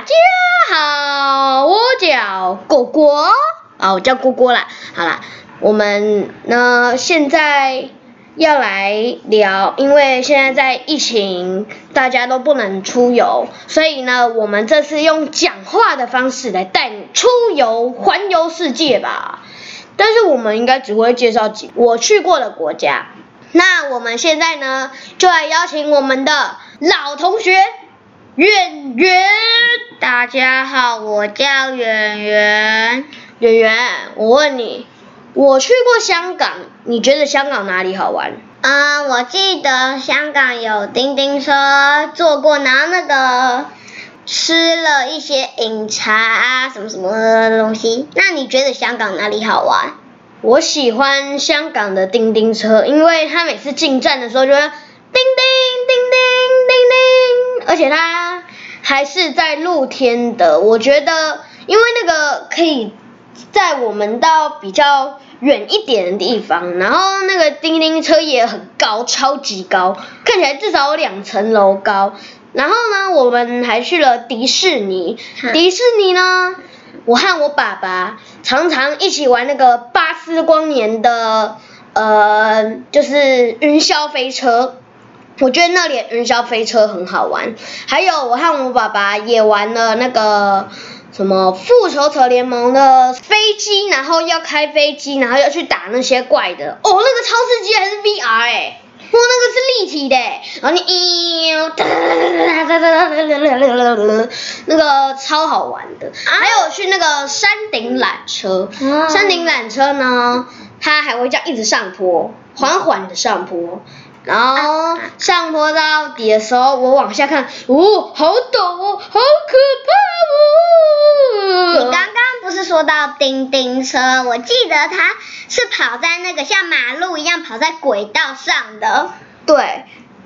大家好，我叫果果啊、哦，我叫果果啦。好啦，我們呢現在要來聊，因為現在在疫情，大家都不能出遊，所以呢，我們這次用講話的方式來帶你出遊，環遊世界吧。但是我們應該只會介紹幾我去過的國家。那我們現在呢，就來邀請我們的老同學圓圓。遠遠大家好，我叫圓圓。圓圓，我問你，我去過香港，你覺得香港哪裡好玩？啊、嗯，我記得香港有叮叮車，坐過拿那個，吃了一些飲茶啊什麼什麼的東西。那你覺得香港哪裡好玩？我喜歡香港的叮叮車，因為他每次進站的時候就會叮叮叮叮叮叮，叮叮，而且他。還是在露天的，我覺得，因為那個可以載我們到比較遠一點的地方，然後那個叮叮車也很高，超級高，看起來至少有兩層樓高。然後呢，我們還去了迪士尼，迪士尼呢，我和我爸爸常常一起玩那個巴斯光年的呃，就是雲霄飛車。我覺得那裡雲霄飛車很好玩，還有我和我爸爸也玩了那個什麼復仇者聯盟的飛機，然後要開飛機，然後要去打那些怪的。哦，那個超刺激，還是 VR 哎、欸，哇、哦，那個是立體的、欸，然後你那個超好玩的，還有去那個山頂纜車，山頂纜車呢，它還會這樣一直上坡，緩緩的上坡。然後上坡到底的時候，我往下看，哦，好陡哦，好可怕哦！你剛剛不是說到叮叮車，我記得它是跑在那個像馬路一樣，跑在軌道上的。對，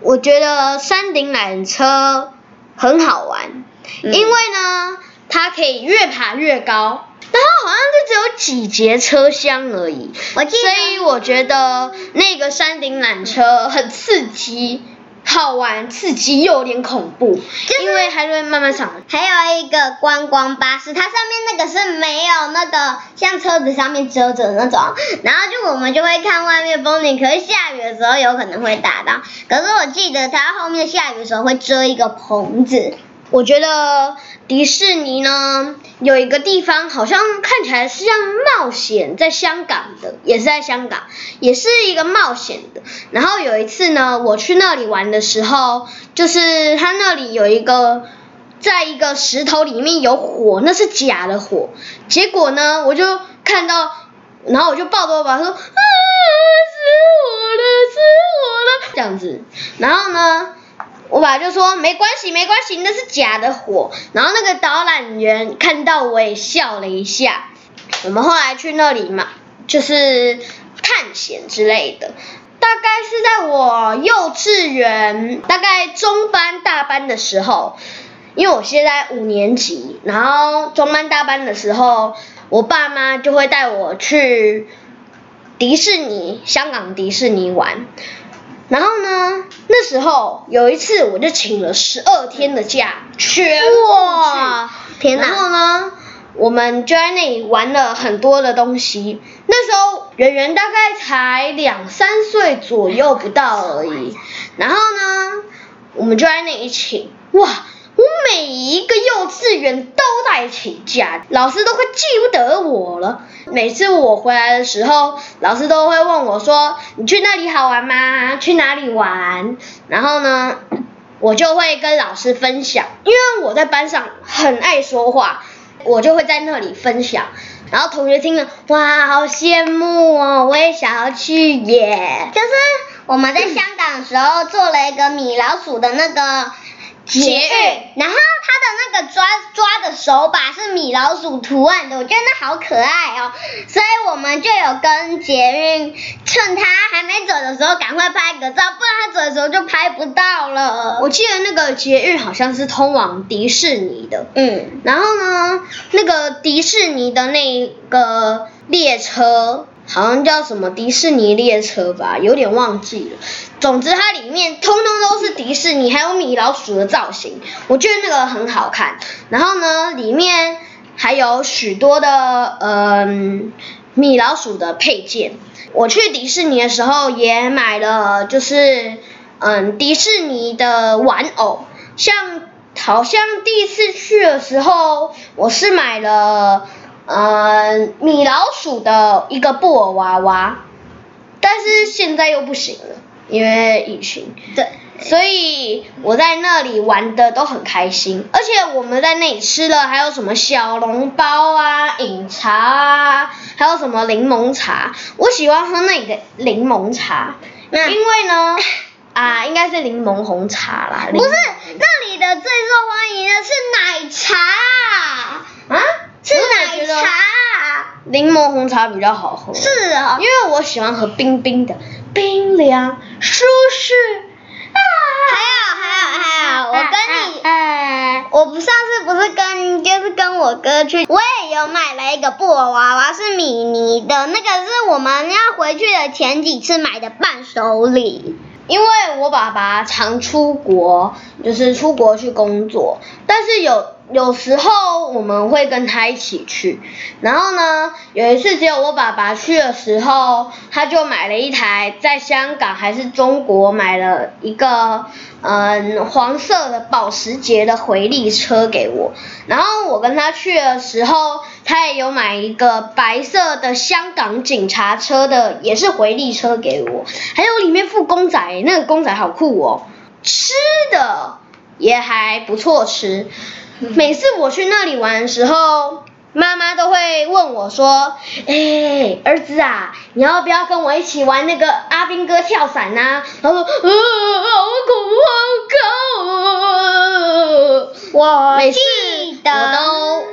我覺得山頂纜車很好玩，因為呢，它可以越爬越高。然後好像就只有幾節車廂而已，所以我覺得那個山頂纜車很刺激，好玩，刺激又有點恐怖，就是，因為還會慢慢想，還有一個觀光巴士，它上面那個是沒有那個像車子上面遮着的那種，然後就我們就會看外面風景，可是下雨的時候有可能會打到。可是我記得它後面下雨的時候會遮一個棚子，我覺得。迪士尼呢，有一個地方好像看起來是像冒險，在香港的，也是在香港，也是一個冒險的。然後有一次呢，我去那裡玩的時候，就是他那裡有一個，在一個石頭裡面有火，那是假的火。結果呢，我就看到，然後我就抱着我爸說：“啊，著火了，著火了。”這樣子，然後呢？我爸就說：“沒關係，沒關係，那是假的火。”然後那個導覽員看到我也笑了一下。我們後來去那裡嘛，就是探險之類的。大概是在我幼稚園，大概中班、大班的時候，因為我現在五年級。然後中班、大班的時候，我爸媽就會帶我去迪士尼，香港迪士尼玩。然後呢，那時候有一次，我就請了十二天的假，全部哇天哪！然後呢，我們就在那裡玩了很多的東西。那時候圓圓大概才兩三歲左右不到而已。然後呢，我們就在那裡一起哇。我每一個幼稚園都在請假，老師都快記不得我了。每次我回來的時候，老師都會問我說：“你去那裡好玩嗎？去哪裡玩？”然後呢，我就會跟老師分享，因為我在班上很愛說話，我就會在那裡分享。然後同學聽了，哇，好羨慕哦，我也想要去耶！就是我們在香港的時候做了一個米老鼠的那個捷運，然後它的那個抓抓的手把是米老鼠圖案的，我覺得那好可愛哦，所以我們就有跟捷運趁他還沒走的時候趕快拍個照，不然他走的時候就拍不到了。我記得那個捷運好像是通往迪士尼的，嗯，然後呢，那個迪士尼的那個列車。好像叫什麼迪士尼列車吧，有點忘記了。總之它裡面通通都是迪士尼還有米老鼠的造型，我覺得那個很好看。然後呢，裡面還有許多的嗯米老鼠的配件。我去迪士尼的時候也買了，就是嗯迪士尼的玩偶，像好像第一次去的時候我是買了。嗯，米老鼠的一個布偶娃娃，但是現在又不行了，因為疫情。對。所以我在那裡玩的都很開心，而且我們在那裡吃了還有什麼小籠包啊、飲茶啊，還有什麼檸檬茶，我喜歡喝那裡的檸檬茶那，因為呢 啊，應該是檸檬紅茶啦。不是，那裡的最受歡迎的是奶茶啊。檸檬紅茶比較好喝。是啊，因為我喜歡喝冰冰的，冰涼舒適。啊！還有還有還有，我跟你，哎、啊啊啊，我不上次不是跟就是跟我哥去，我也有買了一個布娃娃，是米妮的，那個是我們要回去的前幾次買的伴手禮。因為我爸爸常出國，就是出國去工作，但是有。有時候我們會跟他一起去，然後呢，有一次只有我爸爸去的時候，他就買了一台在香港還是中國買了一個，嗯，黃色的保時捷的回力車給我，然後我跟他去的時候，他也有買一個白色的香港警察車的，也是回力車給我，還有裡面附公仔，欸，那個公仔好酷哦，吃的也還不錯吃。每次我去那裡玩的時候，媽媽都會問我說：“哎、欸，兒子啊，你要不要跟我一起玩那個阿兵哥跳傘吶、啊？”然後說、啊，我恐怖好高哦、啊。我每次我都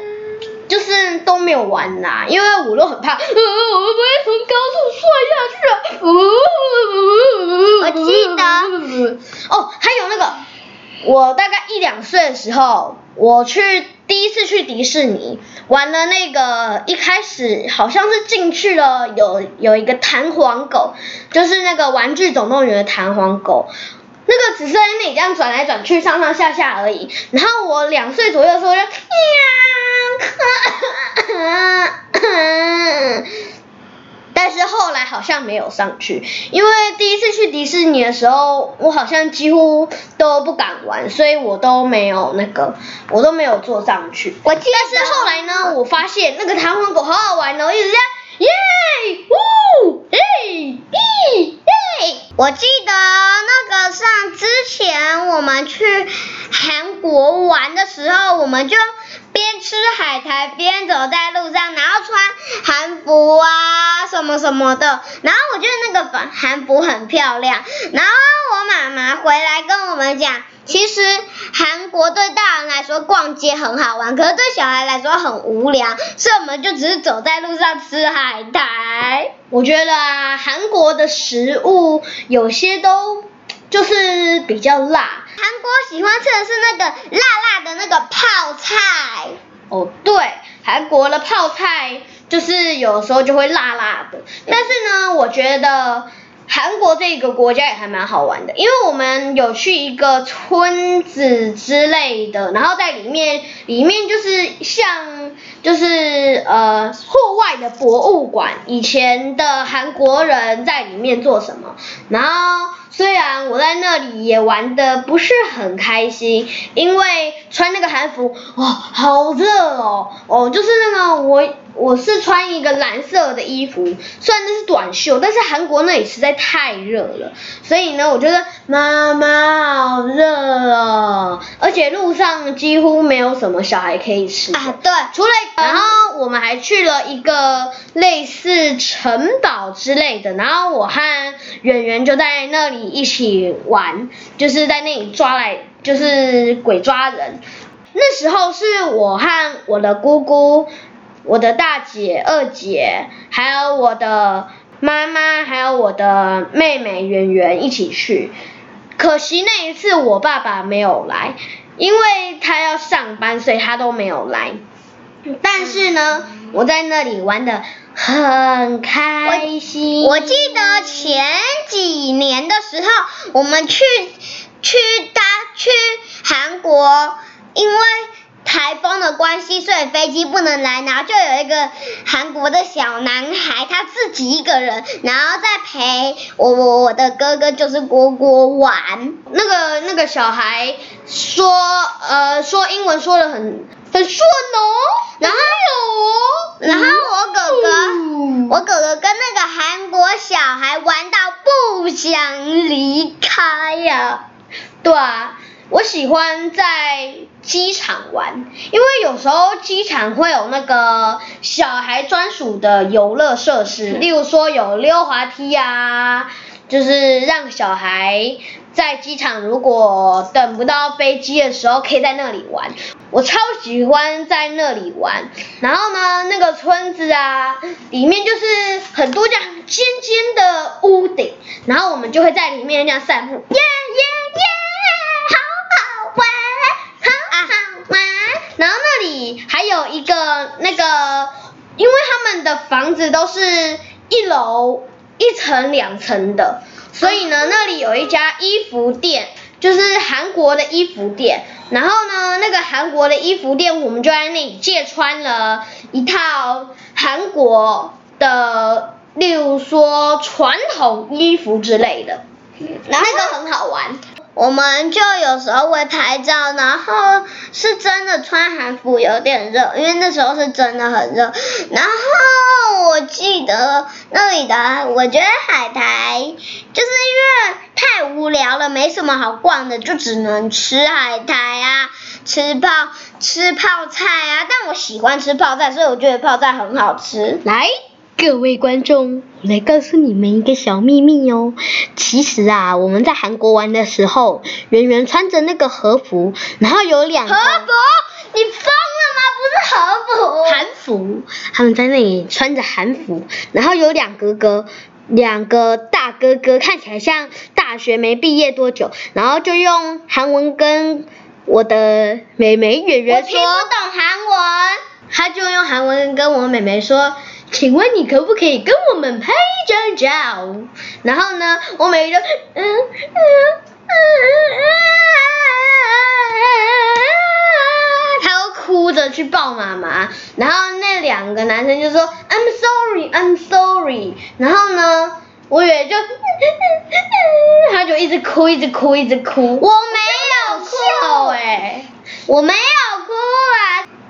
就是都沒有玩吶、啊，因為我都很怕，啊、我不會從高處摔下去、啊。我、啊、記得哦，還有那個。我大概一兩歲的時候，我去第一次去迪士尼，玩了那個，一開始好像是進去了有有一個彈簧狗，就是那個玩具總動員的彈簧狗，那個只是在那這樣轉來轉去上上下下而已。然後我兩歲左右的時候就，呀，咳咳咳。但是後來好像沒有上去，因為第一次去迪士尼的時候，我好像幾乎都不敢玩，所以我都沒有那個，我都沒有坐上去我。但是後來呢，我，我發現那個彈簧狗好好玩哦，我一直在。耶！嗚！耶！耶！誒，我記得那個上之前我們去韓國玩的時候，我們就邊吃海苔邊走在路上，然後穿韓服啊什麼什麼的，然後我覺得那個韓服很漂亮。然後我媽媽回來跟我們講，其實。韓國對大人來說逛街很好玩，可是對小孩來說很無聊，所以我們就只是走在路上吃海苔。我覺得啊，韓國的食物有些都就是比較辣。韓國喜歡吃的是那個辣辣的那個泡菜。哦，對，韓國的泡菜就是有時候就會辣辣的，但是呢，我覺得。韓國這個國家也還蠻好玩的，因為我們有去一個村子之類的，然後在裡面，裡面就是像，就是呃，戶外的博物館，以前的韓國人在裡面做什麼，然後。雖然我在那裡也玩的不是很開心，因為穿那個韓服，哦，好熱哦，哦，就是那個我我是穿一個藍色的衣服，雖然那是短袖，但是韓國那裡實在太熱了，所以呢，我覺得媽媽好熱哦，而且路上幾乎沒有什麼小孩可以吃啊，對，除了然後我們還去了一個類似城堡之類的，然後我和圓圓就在那裡。一起玩，就是在那裡抓來，就是鬼抓人。那時候是我和我的姑姑、我的大姐、二姐，還有我的媽媽，還有我的妹妹圓圓一起去。可惜那一次我爸爸沒有來，因為他要上班，所以他都沒有來。但是呢，我在那裡玩的。很開心我。我記得前幾年的時候，我們去去他去韓國，因為台風的關係，所以飛機不能來。然後就有一個韓國的小男孩，他自己一個人，然後在陪我我我的哥哥就是郭郭玩。那個那個小孩說呃說英文說的很。很順，哦，然後有，然後我哥哥，嗯，我哥哥跟那個韓國小孩玩到不想離開呀，啊。對啊，我喜歡在機場玩，因為有時候機場會有那個小孩專屬的遊樂設施，嗯，例如說有溜滑梯呀，啊。就是讓小孩在機場，如果等不到飛機的時候，可以在那裡玩。我超喜歡在那裡玩。然後呢，那個村子啊，裡面就是很多這樣尖尖的屋頂，然後我們就會在裡面這樣散步。耶耶耶，好好玩，好好玩。然後那裡還有一個那個，因為他們的房子都是一樓。一層兩層的，所以呢，那裡有一家衣服店，就是韓國的衣服店。然後呢，那個韓國的衣服店，我們就在那裡借穿了一套韓國的，例如說傳統衣服之類的，然後那個很好玩。我們就有時候會拍照，然後是真的穿韓服有點熱，因為那時候是真的很熱。然後。記得那裡的，我覺得海苔，就是因為太無聊了，沒什麼好逛的，就只能吃海苔啊，吃泡吃泡菜啊。但我喜歡吃泡菜，所以我覺得泡菜很好吃。來，各位觀眾，我來告訴你們一個小秘密哦。其實啊，我們在韓國玩的時候，圓圓穿着那個和服，然後有兩個和服？你瘋了嗎？不是和服。韓服，他們在那裡穿着韓服，然後有兩個哥，兩個大哥哥看起來像大學沒畢業多久，然後就用韓文跟我的妹妹圓圓說，我聽不懂韓文，他就用韓文跟我妹妹說，請問你可不可以跟我們拍一張照？然後呢，我妹妹就，嗯嗯嗯嗯嗯嗯嗯哭着去抱媽媽，然後那兩個男生就說 I'm sorry, I'm sorry，然後呢，我也就、嗯嗯嗯，他就一直哭，一直哭，一直哭。我沒有，我沒有哭哎，欸，我沒有哭啊。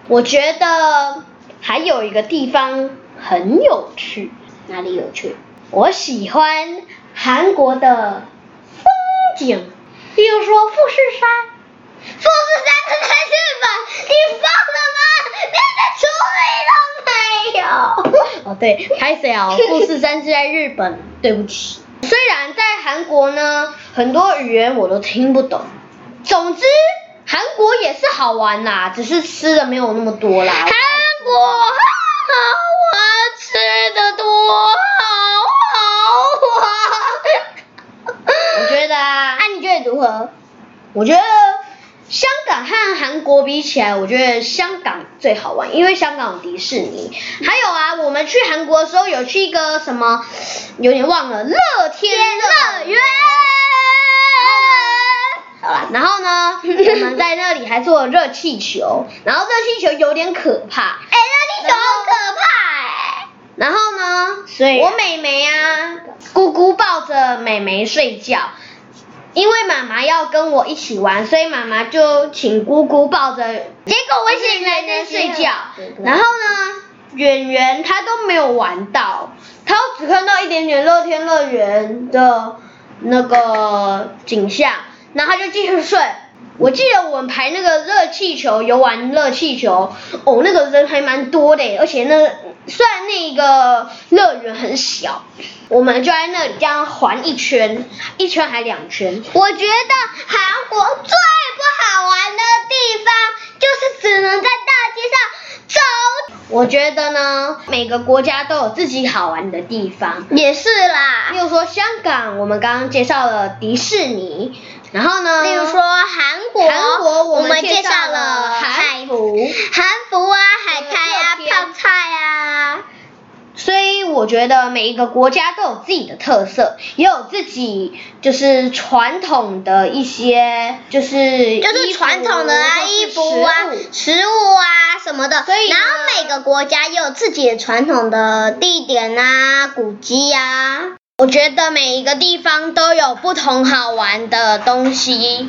我覺得還有一個地方很有趣，哪裡有趣？我喜歡韓國的風景，比如說富士山。富士山在日本。對，還是要富士山是在日本。 對不起，雖然在韓國呢，很多語言我都聽不懂。總之，韓國也是好玩啦，只是吃的沒有那麼多啦。韓國好玩，我吃的多，好好玩。 我覺得、啊，那、 啊、你覺得如何？我覺得。韓國比起來，我覺得香港最好玩，因為香港有迪士尼。還有啊，我們去韓國的時候有去一個什麼，有點忘了，樂天樂園。好了，然後呢，我 們在那裡還坐了熱氣球，然後熱氣球有點可怕。哎、欸，熱氣球好可怕哎、欸！然後呢，我美眉啊，姑姑、啊、抱着美眉睡覺。因為媽媽要跟我一起玩，所以媽媽就請姑姑抱着，結果我醒來在睡覺，對對對，然後呢，遠遠他都沒有玩到，他只看到一點點樂天樂園的那個景象，然後他就繼續睡。我記得我們排那個熱氣球遊玩熱氣球，哦，那個人還蠻多的，欸，而且那雖然那個樂園很小，我們就在那裡這樣環一圈，一圈還兩圈。我覺得韓國最不好玩的地方就是只能在大街上走。我覺得呢，每個國家都有自己好玩的地方。也是啦。又說香港，我們剛剛介紹了迪士尼。然後呢，比如說韓國，韓國我們介紹了海服、韓服啊，海苔啊、嗯，泡菜啊。所以我覺得每一個國家都有自己的特色，也有自己就是傳統的一些，就是、啊、就是傳統的、啊、衣服啊、食物啊、食物啊什麼的。然後每個國家也有自己傳統的地點啊、古跡啊。我覺得每一個地方都有不同好玩的東西。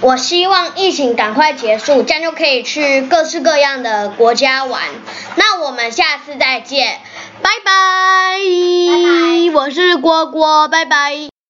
我希望疫情趕快結束，這樣就可以去各式各樣的國家玩。那我們下次再見，拜拜。拜拜，我是郭郭，拜拜。